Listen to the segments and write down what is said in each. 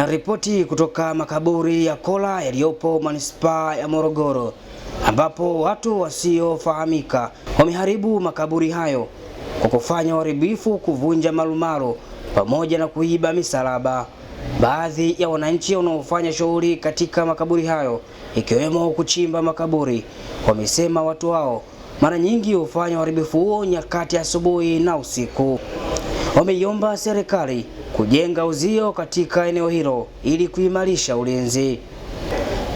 Na ripoti kutoka makaburi ya Kola yaliyopo manispaa ya Morogoro, ambapo watu wasiofahamika wameharibu makaburi hayo kwa kufanya uharibifu, kuvunja marumaru pamoja na kuiba misalaba. Baadhi ya wananchi wanaofanya shughuli katika makaburi hayo ikiwemo kuchimba makaburi wamesema watu hao mara nyingi hufanya uharibifu huo nyakati asubuhi na usiku. Wameiomba serikali kujenga uzio katika eneo hilo ili kuimarisha ulinzi.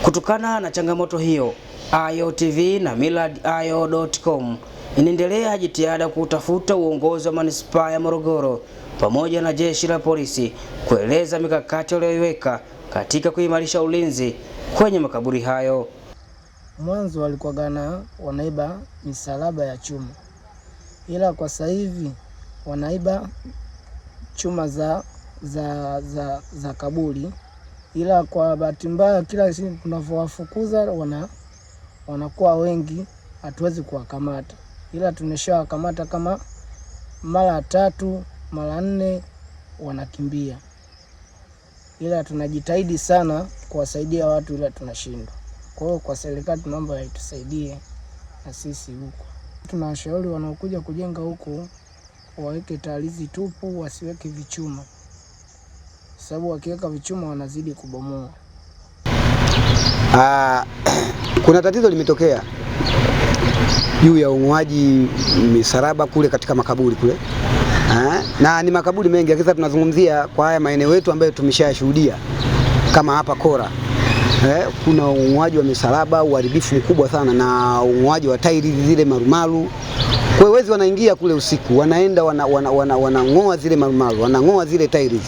Kutokana na changamoto hiyo, Ayo TV na millardayo.com inaendelea jitihada kutafuta uongozi wa manispaa ya Morogoro pamoja na jeshi la polisi kueleza mikakati waliyoiweka katika kuimarisha ulinzi kwenye makaburi hayo. Mwanzo walikuwa gana wanaiba misalaba ya chuma, ila kwa sasa hivi wanaiba chuma za, za, za, za kaburi, ila kwa bahati mbaya kila siku tunavyowafukuza wana wanakuwa wengi, hatuwezi kuwakamata, ila tumeshawakamata kama mara tatu mara nne, wanakimbia, ila tunajitahidi sana kuwasaidia watu, ila tunashindwa. Kwa hiyo kwa serikali tunaomba itusaidie na sisi huko, tunawashauri wanaokuja kujenga huku waweke tarizi tupu, wasiweke vichuma, sababu wakiweka vichuma wanazidi kubomoa. Ah, kuna tatizo limetokea juu ya ung'oaji misaraba kule katika makaburi kule ha? Eh, na ni makaburi mengi, akisa tunazungumzia kwa haya maeneo yetu ambayo tumeshayashuhudia kama hapa Kora eh, kuna ung'oaji wa misalaba, uharibifu mkubwa sana na ung'oaji wa tairi zile marumaru kwa hiyo wezi wanaingia kule usiku, wanaenda wanang'oa wana, wana, wana zile marumaru, wanang'oa zile tiles.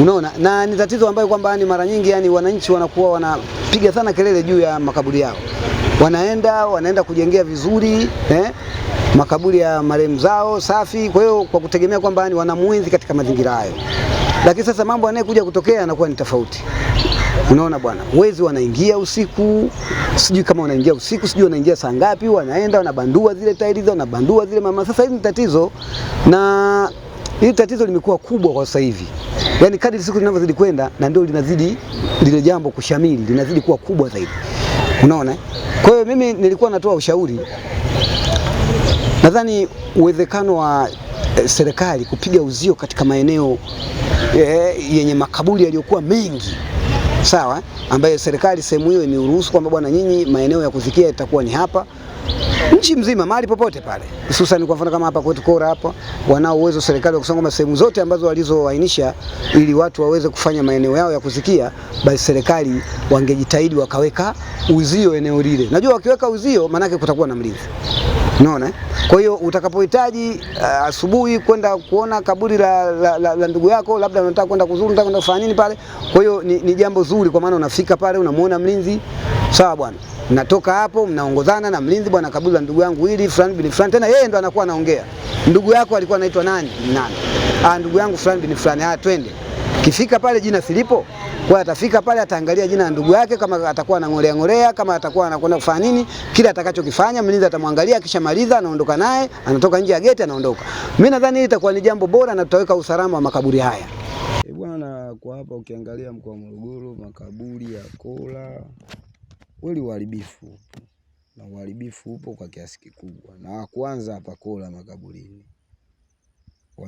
Unaona, na ni tatizo ambayo kwamba ni mara nyingi yani wananchi wanakuwa wanapiga sana kelele juu ya makaburi yao, wanaenda wanaenda kujengea vizuri eh, makaburi ya marehemu zao safi. Kwa hiyo kwa kutegemea kwamba yani wanamuenzi katika mazingira hayo, lakini sasa mambo yanayokuja kutokea yanakuwa ni tofauti. Unaona bwana, wezi wanaingia usiku, sijui kama wanaingia usiku, sijui wanaingia saa ngapi, wanaenda wanabandua zile tairi zao, wanabandua zile mama. Sasa hili ni tatizo, na hili tatizo limekuwa kubwa kwa sasa hivi, yaani kadri siku zinavyozidi kwenda, na ndio linazidi lile jambo kushamili, linazidi kuwa kubwa zaidi. Unaona, kwa hiyo mimi nilikuwa natoa ushauri, nadhani uwezekano wa eh, serikali kupiga uzio katika maeneo eh, yenye makaburi yaliyokuwa mengi sawa, ambayo serikali sehemu hiyo imeruhusu kwamba bwana, nyinyi maeneo ya kuzikia itakuwa ni hapa nchi mzima mahali popote pale, hususan kwa mfano kama hapa kwetu Kora hapa, wanao uwezo serikali wa kusonga sehemu zote ambazo walizoainisha ili watu waweze kufanya maeneo yao ya kuzikia, basi serikali wangejitahidi wakaweka uzio eneo lile. Najua wakiweka uzio, maanake kutakuwa na mlinzi, unaona. Kwa hiyo utakapohitaji uh, asubuhi kwenda kuona kaburi la, la, la, la ndugu yako, labda unataka kwenda kuzuru, unataka kwenda kufanya nini pale. Kwa hiyo ni, ni jambo zuri, kwa maana unafika pale unamuona mlinzi, sawa bwana, natoka hapo, mnaongozana na mlinzi, bwana, kaburi la ndugu yangu hili fulani bin fulani. Tena yeye ndo anakuwa anaongea, ndugu yako alikuwa anaitwa nani nani, ah, ndugu yangu fulani bin fulani, ah, twende. Kifika pale jina Filipo kwa atafika pale ataangalia jina la ndugu yake, kama atakuwa anang'olea ng'olea, kama atakuwa anakwenda kufanya nini, kile atakachokifanya mlinzi atamwangalia, kisha maliza, anaondoka naye, anatoka nje ya geti, anaondoka. Mimi nadhani hili itakuwa ni jambo bora na tutaweka usalama wa makaburi haya. E bwana, kwa hapa ukiangalia mkoa wa Morogoro makaburi ya kola kweli uharibifu na uharibifu upo kwa kiasi kikubwa, na kwanza hapa kola makaburini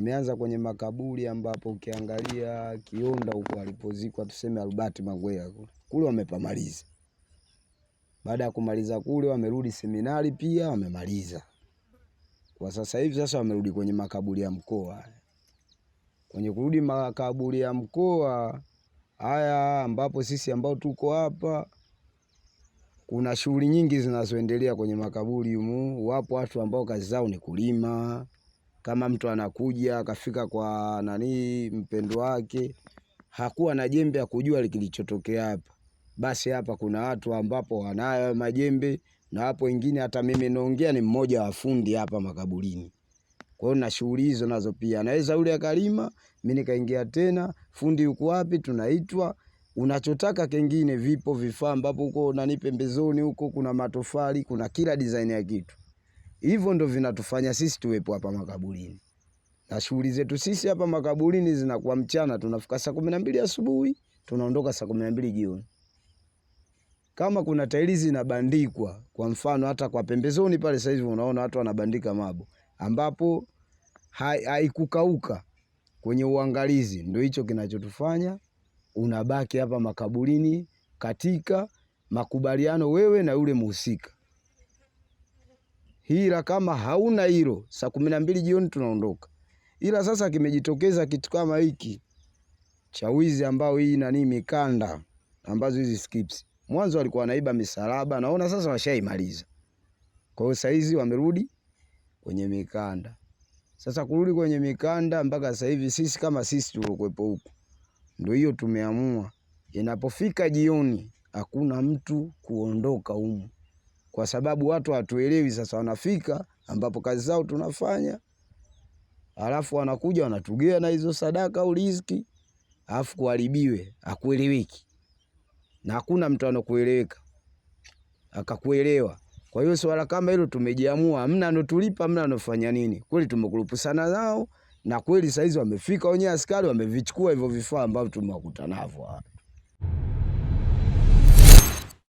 Wameanza kwenye makaburi ambapo ukiangalia Kionda huko alipozikwa tuseme Albert Mangwea kule wamepamaliza. Baada ya kumaliza kule wamerudi seminari pia wamemaliza. Kwa sasa hivi sasa wamerudi kwenye makaburi ya mkoa. Kwenye kurudi makaburi ya mkoa haya ambapo sisi ambao tuko hapa kuna shughuli nyingi zinazoendelea kwenye makaburi humu. Wapo watu ambao kazi zao ni kulima kama mtu anakuja akafika kwa nani mpendo wake, hakuwa na jembe ya kujua kilichotokea hapa, basi hapa kuna watu ambapo wanayo majembe na hapo wengine. Hata mimi naongea ni mmoja wa fundi hapa makaburini, kwa hiyo na shughuli hizo nazo pia naweza, yule akalima, mimi nikaingia tena, fundi yuko wapi, tunaitwa unachotaka kengine. Vipo vifaa ambapo huko nani pembezoni huko kuna matofali, kuna kila design ya kitu. Hivyo ndo vinatufanya sisi tuwepo hapa makaburini, na shughuli zetu sisi hapa makaburini zinakuwa mchana, tunafika saa kumi na mbili asubuhi tunaondoka saa kumi na mbili jioni. Kama kuna tairi zinabandikwa, kwa mfano hata kwa pembezoni pale sasa hivi unaona watu wanabandika mabo ambapo haikukauka hai kwenye uangalizi, ndio hicho kinachotufanya unabaki hapa makaburini katika makubaliano wewe na yule mhusika hila kama hauna hilo, saa kumi na mbili jioni tunaondoka. Ila sasa kimejitokeza kitu kama hiki cha wizi ambao hii nani mikanda ambazo hizi skips. Mwanzo walikuwa wanaiba misalaba, naona sasa washaimaliza. Kwa hiyo saizi wamerudi kwenye mikanda. Sasa kurudi kwenye mikanda mpaka sasa hivi sisi kama sisi tulokuepo huku. Ndio hiyo tumeamua. Inapofika jioni hakuna mtu kuondoka humu kwa sababu watu hatuelewi. Sasa wanafika ambapo kazi zao tunafanya, alafu wanakuja wanatugea na hizo sadaka au riziki, alafu kuharibiwe, hakueleweki na hakuna mtu anokueleweka akakuelewa. Kwa hiyo swala kama hilo tumejiamua, amna anotulipa, amna anofanya nini. Kweli tumekurupusana nao na kweli saizi wamefika wenyewe askari, wamevichukua hivyo vifaa ambavyo tumewakuta navyo. hapa.